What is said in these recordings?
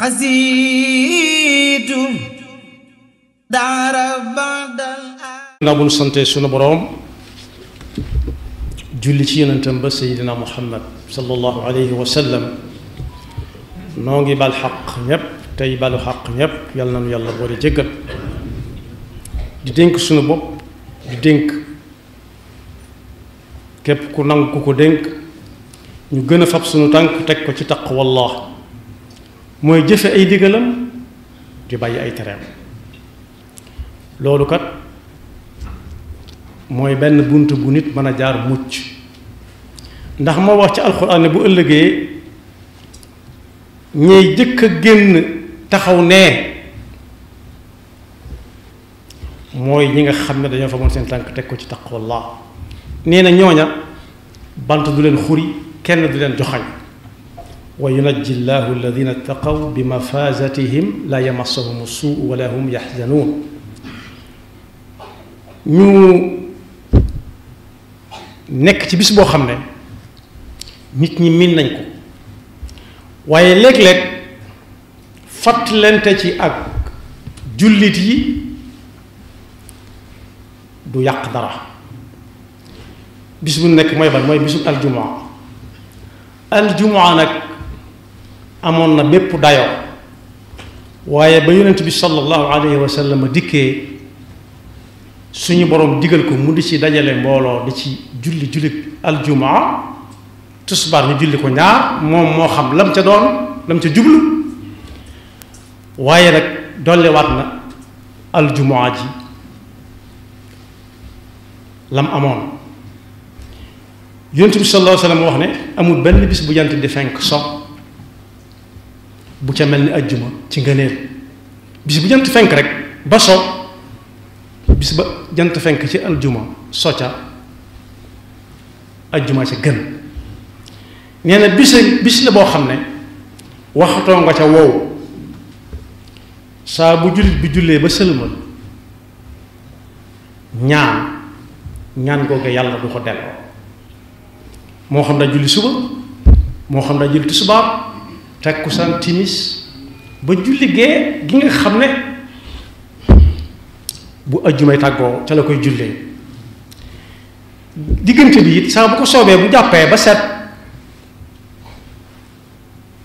xasiitu daara badal naa bu nu sante sunu boroom julli ci yonentam ba seydina muhammad sallallahu alayhi wa noo ngi bal xaq ñépp tey balu xaq ñépp yàlla na nu yàlla boole jéggal di dénk sunu bopp di dénk képp ku nangu ku ko dénk ñu gën a fab sunu tànk teg ko ci taqwallah mooy jëfe ay digalam di bàyyi ay tereem loolukat mooy benn bunt bu nit mën a jaar mucc ndax moo wax ci alxuraan bu ëllëgee ñey jëkk a génn taxaw ne mooy ñi nga xam ne dañoo fa moon seen tànk teg ko ci taqwallah nee na ñooña bant du leen xuri kenn du leen joxañ وينجي الله الذين اتقوا بمفازتهم لا يمسهم السوء ولا هم يحزنون ñu nekk ci bis boo xam ne nit ñi miin nañ ko waaye léeg-léeg fàttalante ci ak jullit yi du yàq dara bis bu nekk mooy ban mooy bisub aljumaa aljumaa nag amoon na bépp dayoo waaye ba yonent bi sallallahu alayhi wa sallam dikkee suñu boroom digal ko mu di ci dajale mbooloo di ci julli julli aljumaa tusbaar ñu julli ko ñaar moom moo xam lam ca doon lam ca jublu waaye nag dolliwaat na aljumaa ji lam amoon yonent bi sallallahu alayhi wa wax ne amul benn bis bu jant di fenk so bu ca mel ni ajjuma ci ngëneel bis bu jant fenk rek ba so bis ba jant fenk ci aljuma so ca ajjuma ca gën neena bis bis la bo xamne ne nga ca wow sa bu julit bi julle ba sëlmal ñaan ñaan googu yalla du ko delo mo xam daa julli suba mo xam daa julli takkusaan timis ba julli gee gi nga xam ne bu ajjumay tàggoo ca la koy jullee diggante bi it saa bu ko soobee bu jàppee ba set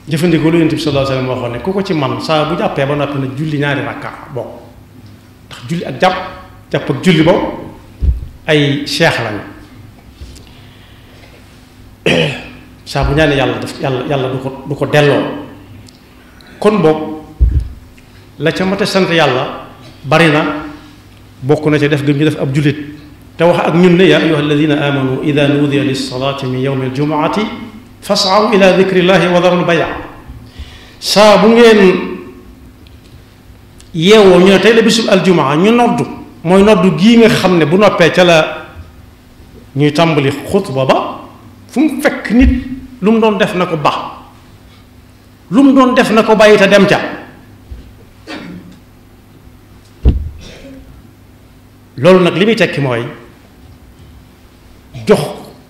jëfandikoo lu yonent bi sallallahu waxoon ne ku ko ci man saa bu jàppee ba noppi na julli ñaari rakka bon ndax julli ak jàpp jàpp ak julli boobu ay seex lañu saa bu ñaanee yàlla daf yàlla yàlla du ko du ko delloo kon boog la ca mat sant yàlla bari na bokk na ca def gëm ñu def ab jullit te wax ak ñun ne yaa ayuha alladina amanu ida nuudiya lilsalaati min yowmi aljumaati fasaw ila dikrillahi wa darul baya saa bu ngeen yeewoo ñu ne tey la bisub aljumaa ñu noddu mooy noddu gii nga xam bu noppee ca la ñuy tàmbali xutba ba fu mu nit lu mu doon def na ko bax lu mu doon def na ko bàyyita dem ca loolu nag li muy tekki mooy jox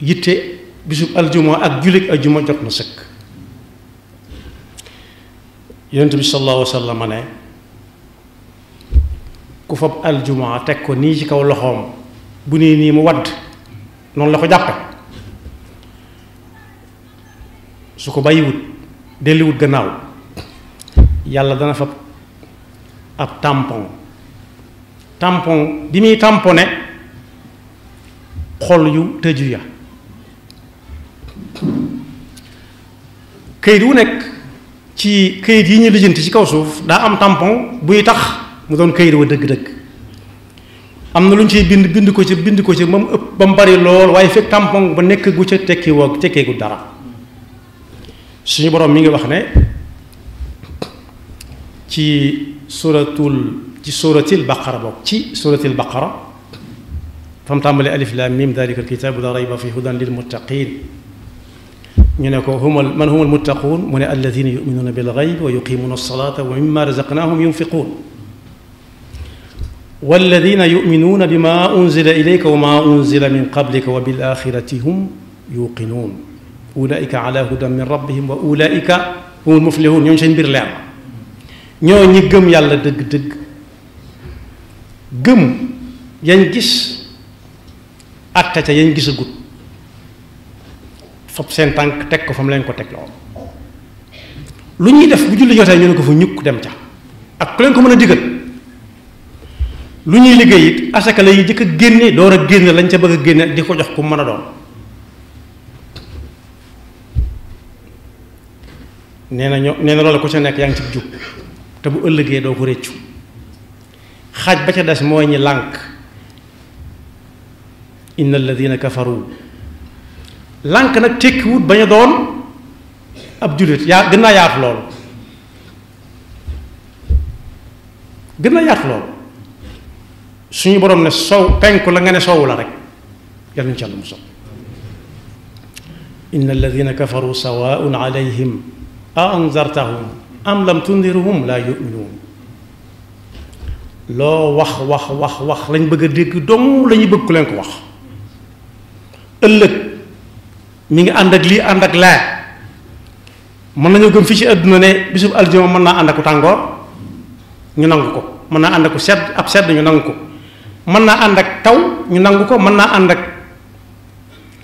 yitte bisub aljuma ak jullit aljuma jot na sëkk yonent bi sallallahu alayhi ne ku fab aljuma teg ko nii ci kaw loxoom bu nii nii mu wadd noonu la ko jàppe su ko bàyyiwut delliwut gannaaw yàlla dana fa ab tampon tampon bi muy tamponné xol yu tëju ya këyit wu nekk ci këyit yi ñuy lijjanti ci kaw suuf daa am tampon buy tax mu doon këyit wa dëgg-dëgg am na lu ñu ciy bind bind ko ci bind ko ci ba mu ëpp ba mu bari lool waaye fekk tampon ba nekk gu ca tekki woo dara suñu borom mi ngi wax ne ci suratul ci suratil baqara bok ci suratil baqara fam tambali alif lam mim dhalika alkitabu la rayba fi hudan lil muttaqin ñu ne ko humul man humul muttaqun mun alladhina yu'minuna bil ghayb wa yuqimuna as-salata wa mimma razaqnahum yunfiqun والذين يؤمنون بما أنزل إليك وما أنزل من قبلك وبالآخرة هم يوقنون ulaika ala hudan min rabbihim wa ulaika humul muflihun ñooñu seen mbir leer ñoo ñi gëm yàlla dëgg-dëgg gëm yañ gis atta ca yañ gisagut fab seen tànk teg ko fa mu leen ko teg lool lu ñuy def bu julli jotee ñu ne ko fa ñukk dem ca ak ku leen ko mën a digal lu ñuy liggéey it asaka la yi jëkk a génne door a génne lañ ca bëgg a génne di ko jox ku mën a doon nee na ñoo nee na loolu ku ca nekk yaa ngi ci jub te bu ëllëgee doo ko réccu xaaj ba ca des mooy ñi lànk inna alladina kafaru lànk nag tekkiwut bañ a doon ab jullit yaa gën naa yaatu loolu gën naa yaatu loolu suñu borom ne sow penku la nga ne soowu la rek yal nañu ci yàlla mu sow inna alladina kafaru sawaun alayhim أأنذرتهم أم لم تنذرهم لا يؤمنون loo wax wax wax wax lañ bëgg a dégg dong la ñuy bëgg ku leen ko wax ëllëg mi ngi ànd ak lii ànd ak laa mën nañoo gëm fii ci àdduna ne bisub aljuma mën naa ànd aku tàngoor ñu nangu ko mën naa ànd aku sedd ab sedd ñu nangu ko mën naa ànd ak taw ñu nangu ko mën naa ànd ak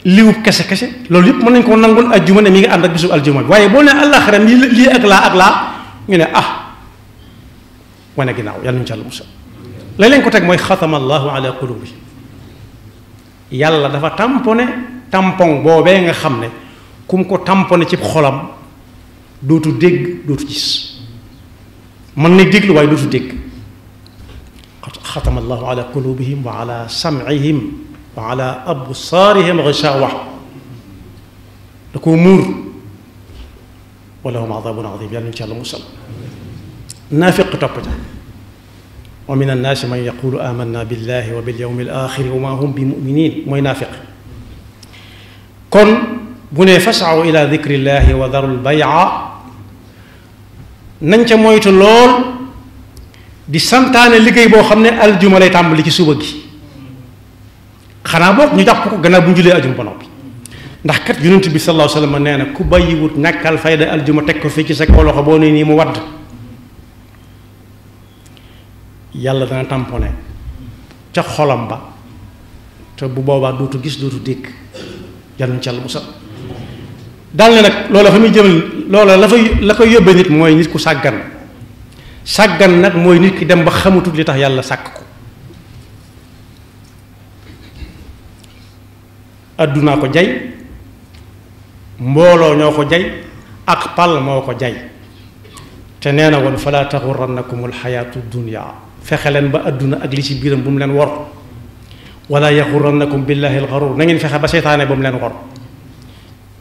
liwub kese kese loolu yëpp mën nañ koo nangul ajjuma ne mi ngi ànd ak bisub aljuma bi waaye boo nee àllaaxira nii lii ak laa ak laa ñu ne ah wane ginnaaw yàlla ñu ci àll musal lañ leen ko teg mooy xatama allahu ala qulubi yàlla dafa tamponné tampon boobee nga xam ne ku mu ko tamponné ci xolam dootu dégg dootu gis mën na déglu waaye dootu dégg xatama allahu ala qulubihim wa ala sam'ihim وعلى أبصارهم غشاوة لكم مور ولهم عذاب عظيم يعني إن شاء الله موسى نافق تبتا ومن الناس من يقول آمنا بالله وباليوم الآخر وما هم بمؤمنين ما ينافق كن بني فسعوا إلى ذكر الله وذروا البيع nañ مويت moytu دي di santaane liggéey boo xam ne aljuma lay xana bok ñu japp ko gëna bu julé aljum ajum ba noppi ndax kat yunus bi sallallahu alayhi wasallam neena na bayyi wut nakal fayda aljum tek ko fi ci sa ko loxo boo nee mu wad yalla dana tamponé ca xolam ba te bu boba dootu gis dootu dik yalla ci yàlla musa dal nak nag loola fa muy jëmal loola la fay la koy yóbbee nit moy nit ku sàggan sàggan nak moy nit ki dem ba xamatu li tax yalla sakko aduna ko jay mbolo ñoko jay ak pal moko jay te neena won fala falaa taxurannakum dunya fexelen ba aduna ak li ci biram bum len wor wala yaghurrannakum billahi alxarur na ngeen fexe ba seytaane bum len wor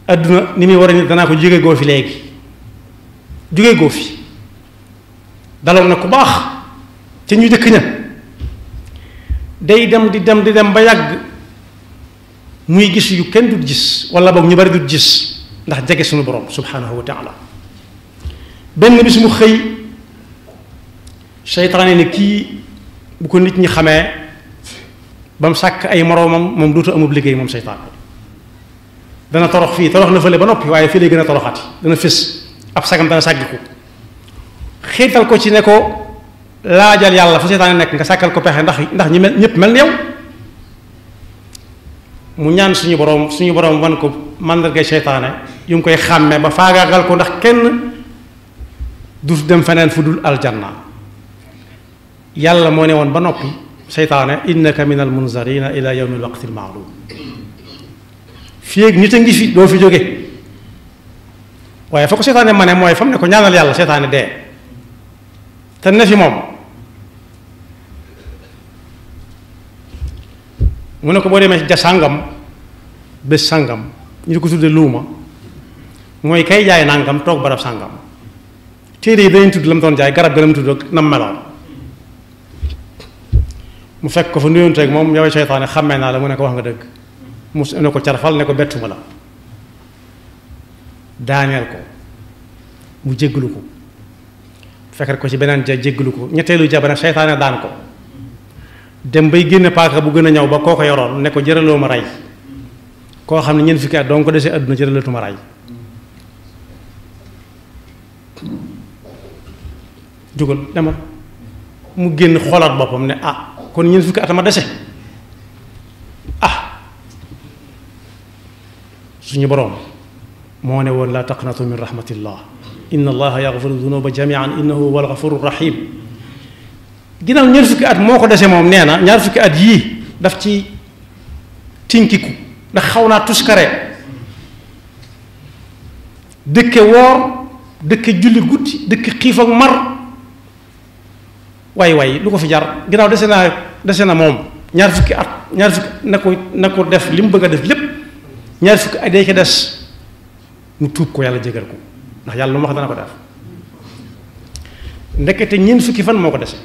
aduna ni muy war a nit ko jige go fi legi jige go fi daloon na ku bax ci ñu dëkk ña day dem di dem di dem ba yàgg muy gis yu kenn dut gis wala boog ñu bari dut gis ndax jege suñu borom subhanahu wa taala benn bis mu xëy shaytané ne kii bu ko nit ñi xamee ba mu sàkk ay moroomam moom duutu amub liggéey moom seytaane dana torox fii torox na fële ba noppi waaye fii lay gën a toroxati dana fés ab sagam dana sàggiku xiital ko ci ne ko laajal yàlla fa seytaane nekk nga sàkkal ko pexe ndax ndax ñi mel ñëpp mel ni yow mu ñaan suñu boroom suñu boroom wan ko màndargay seytaane yu mu koy xàmmee ba faagaagal ko ndax kenn du dem feneen fu dul aljanna yàlla moo ne woon ba noppi seytaane innaka min al munzarina ila yawmi al waqti al maalum fii ak nit a ngi fi doo fi jóge waaye fa ko seytaane ma ne mooy fam ne ko ñaanal yàlla seytaane dee te ne fi moom mu ne ko boo demee ja sàngam bés sàngam ñu ko tudde luuma mooy kay jaay nàngam toog barab sàngam téere yi danañ tudd la mu doon jaay garab ga na mu tudd ak nam mu fekk ko fa nuyoonteeg moom yow seytaane xàmmee naa la mu ne ko wax nga dëgg mu ne ko carfal ne ko bettuma la daaneel ko mu jéggalu ko fekkee ko ci beneen ja jéggalu ko ñetteelu ja ba nag seytaane daan ko dem bay génne paaka bu gën a ñaw ba koo ko yoroon ne ko jëraloo ma rey koo xam ne ñeent fukki at doo ko desee àdduna jëralatu ma rey jógal demal mu génn xoolaat boppam ne ah kon ñeent fukki at ma dese ah suñu boroom moo ne woon laa taqnatu min rahmatillah inna allaha yaxfiru dunuba jamian innahu huwa alxafuru rahim ginnaaw ñaar fukki at moo ko dese moom nee na ñaar fukki at yii daf ci tinkiku ndax xaw naa tuskare dëkke woor dëkke julli guddi dëkke xiif ak mar waay way lu ko fi jar ginnaaw dese naa dese na moom ñaar fukki at ñaar fukki na ko na ko def li mu bëgg a def lépp ñaar fukki at day ko des mu tuub ko yàlla jégal ko ndax yàlla lu mu wax dana ko def ndekete ñeent fukki fan moo ko dese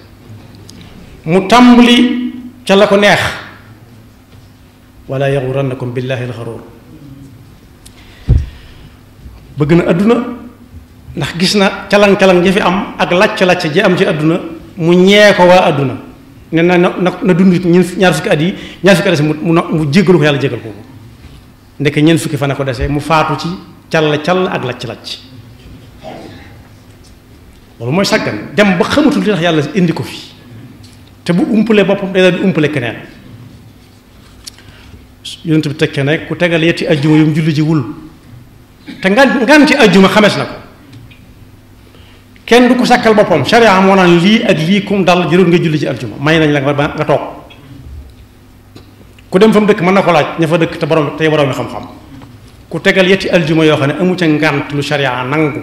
mu tàmbali ca la ko neex wala yaxurannakum billahi alxaruur bëgg na àdduna ndax gis na calan-calan ja fi am ak lacc-lacc ji am ci àdduna mu ñee ko waa àdduna ne na na na dund ñaar fukki yi ñaar mu mu jéggalu ko yàlla jéggal ko ndeke ñeent fukki fan a ko desee mu faatu ci cal cal ak lacc-lacc loolu mooy sàggan dem ba xamatul li tax yàlla indi ko fi te bu umpalee boppam day daal di umpale keneen yonent bi tekkee ne ku tegal yetti ajjuma yu mu julli ji wul te ngan ngan ci ajjuma xames na ko kenn du ko sakkal boppam sharia moo naan lii ak lii kum dal jërul nga julli ci aljuma may nañ la nga toog ku dem fa mu dëkk mën na ko laaj ña fa dëkk te borom tey borom xam-xam ku tegal yetti aljuma yoo xam ne amu ca ngant lu sharia nangu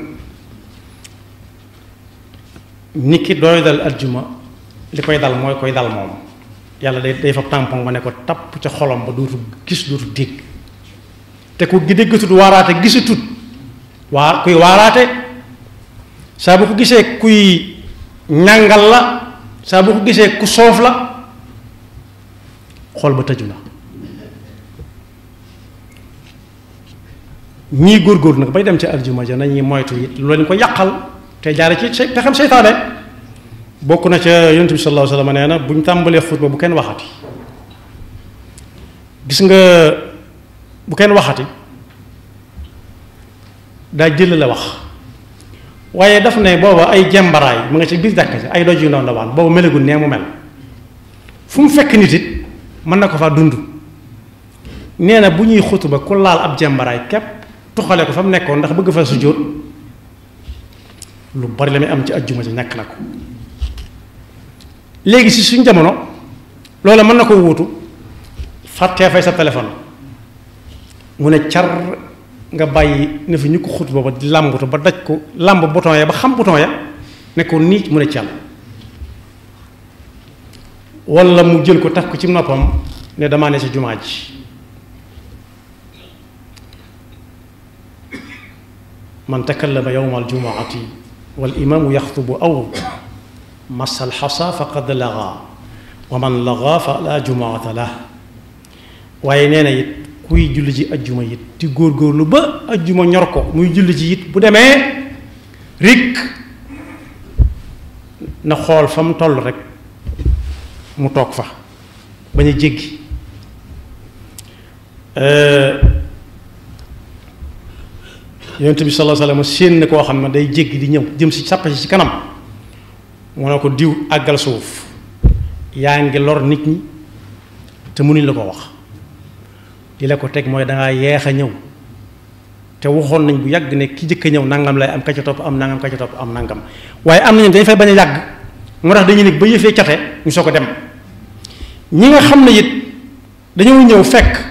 niki dooy dal aljuma li koy dal mooy koy dal moom yàlla day day fa tampon ba ne ko tapp ca xolom ba dootu gis dootu dégg te ku gi déggatut waaraate gisatut waa kuy waaraate saa bu ko gisee kuy ñàngal la saa bu ko gisee ku soof la xol ba tëju na ñii góorgóorlu nag bay dem ci aljuma ja nañuy moytu it lu leen ko yàqal te jaare ci te xam seytaane bokk na ca yonent bi sallallahu alayhi wa nee na bu ñu tàmbalee xutba bu kenn waxati gis nga bu kenn waxati daa jël la wax waaye daf ne booba ay jembaraay mu nga ci biir jàkk ay doj yu ndaw ndawaan booba melagul nee mu mel fu mu fekk nit it mën na ko faa dund nee na bu ñuy xutba ku laal ab jembaraay képp tuxale ko fa mu nekkoon ndax bëgg fa sujjóot lu bari la muy am ci ajjuma ci ñàkk na ko légui ci suñu jamono loola mën na ko wuutu fàttee fay sa téléphone mu ne car nga bàyyi ne fi ñu ko xut booba làmbutu ba daj ko làmb bouton ya ba xam bouton ya ne ko nii mu ne cal wala mu jël ko taf ko ci noppam ne dama ne si jumaa ji man takallama yowma jumaati wal imaamu yaxtubu aw مس الحصى فقد لغى ومن لغى فلا جمعة له وينين يت كوي جلجي أجمع يت تقول قول لبا أجمع نركو مي جلجي يت بده ما ريك نخال فم تل ريك متوقفة بني جيجي أه يونتبي صلى الله عليه وسلم سين نكو خامن داي جيجي دي نيو جيم سي صاب سي كانام mu ne ko diw àggal suuf yaa ngi lor nit ñi te mënuñ la ko wax li la ko teg mooy dangaa yeex a ñëw te waxoon nañ bu yàgg ne ki jëkk a nangam lay am ka ca topp am nangam ka ca topp am nangam waaye am nañu dañ fay bañ a yàgg moo tax dañuy ne ba yëfee cate ñu soo ko dem ñi nga xam ne it dañoo fekk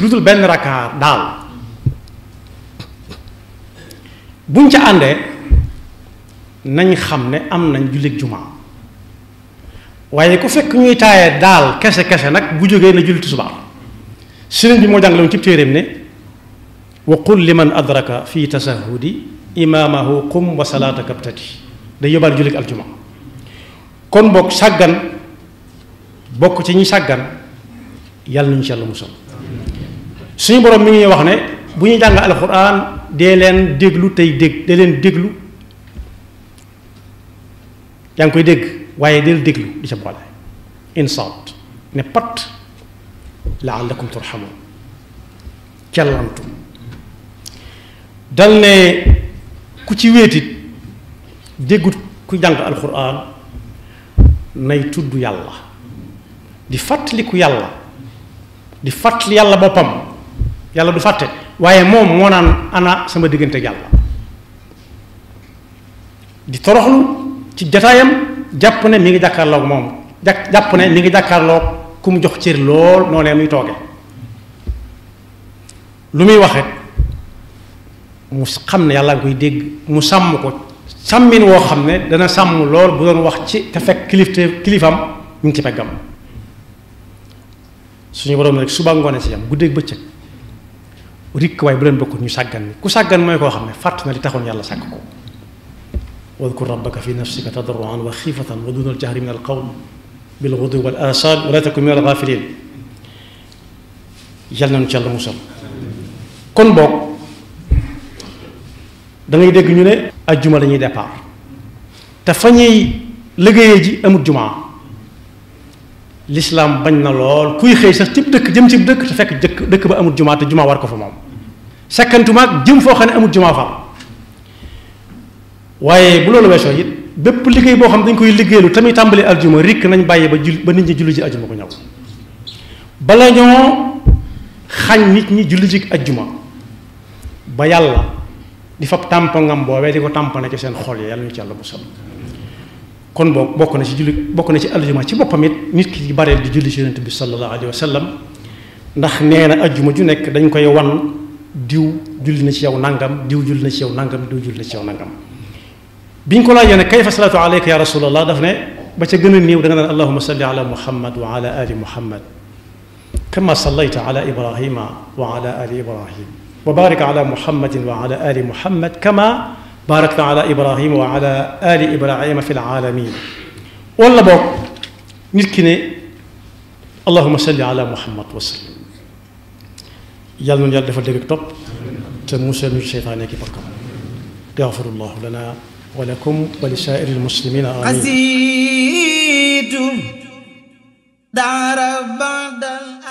lu dul benn rakkaar daal buñ ca àndee nañ xam ne am nañ jullit jumaa waaye ku fekk ñuy taaye daal kese kese nag bu jógee na julli tisbaar sëriñ bi moo jàngale woon ci téeréem ne wa qul liman adraka fi tasahudi imaamahu qum wa salaataka btati day yóbbaal jullit aljuma kon bokk sàggan bokk ci ñi sàggan yàlla nañu ci yàlla musal suñu borom mi ngi wax ne bu ñuy jàng alxuraan dee leen déglu tey dég dee leen déglu yang koy deg waye del déglu di ca bolé in instant ne pat laallakum turhamun kallantu dal ne ku ci wetit degut ku jàng alquran nay tuddu yàlla di fàttaliku yàlla di fatli yàlla bopam yàlla du fàtte waye mom mo nan ana sama diggante yàlla di toroxlu ci jotaayam jàpp ne mi ngi jàkkaarloog moom jàpp ne mi ngi jàkkaarloog ku mu jox cër lool noonee muy tooge lu muy waxe mu xam ne yàlla koy dégg mu sàmm ko sàmmin woo xam ne dana sàmm lool bu doon wax ci te fekk kilifte kilifam ñu ngi ci peggam suñu borom rek suba ngone ci yam guddeeg bëccëg rikk waaye bu leen bokkut ñu sàggan ni ku sàggan mooy koo xam ne fàtt na li taxoon yàlla sàkk ko واذكر ربك في نفسك تضرعا وخيفة ودون الجهر من القول بالغدو والآصال ولا تكن من الغافلين يلا إن شاء الله موسى كن بو داغي ديغ ني الجمعة لا ني ديبار تا فاني ليغي جي امو جمعة الاسلام باغنا لول كوي خي سا تيب دك جيم تيب دك تا فك دك دك با امو جمعة تا جمعة وار كو فا موم سكنتو ماك جيم فو خاني امو جمعة فا waye bu loolu weesoo yit bépp liggéey bo xam dañ koy liggéeylu tamit tàmbali aljuma rik nañ bàyyi ba jul ba nit ñi julli ci aljuma ko ñaw la ñoo xañ nit ñi julli ci aljuma ba yalla di ngam bo wé di ko na ci seen xol yalla ñu ci yalla bu sal kon bok bok na ci julli bok na ci aljuma ci bopam it nit ki bareel di julli ci yonente bi sallallahu alayhi wasallam sallam ndax neena aljuma ju nek dañ koy wan diw julli na ci yow nangam diw julli na ci yow nangam diw julli na ci yow nangam biñ ko laajee nag kayfa salaatu alayka ya rasulallah daf ne ba ca gën a néew da nga naan allahuma salli ala muhammad wa ala ali muhammad kama sallayta ala ibrahima wa ala ali ibrahim wa barik ala muhammadin wa ala ali muhammad kama barakta ala ibrahima wa ala ali ibrahima fi lalamin wala boog nit ki ne allahuma salli ala muhammad wa sallim yàlla noonu yàlla dafa dégg ak topp te musal ñu seytaane ki bakkam yaxfirullahu lana ولكم ولسائر المسلمين آمين دار بعد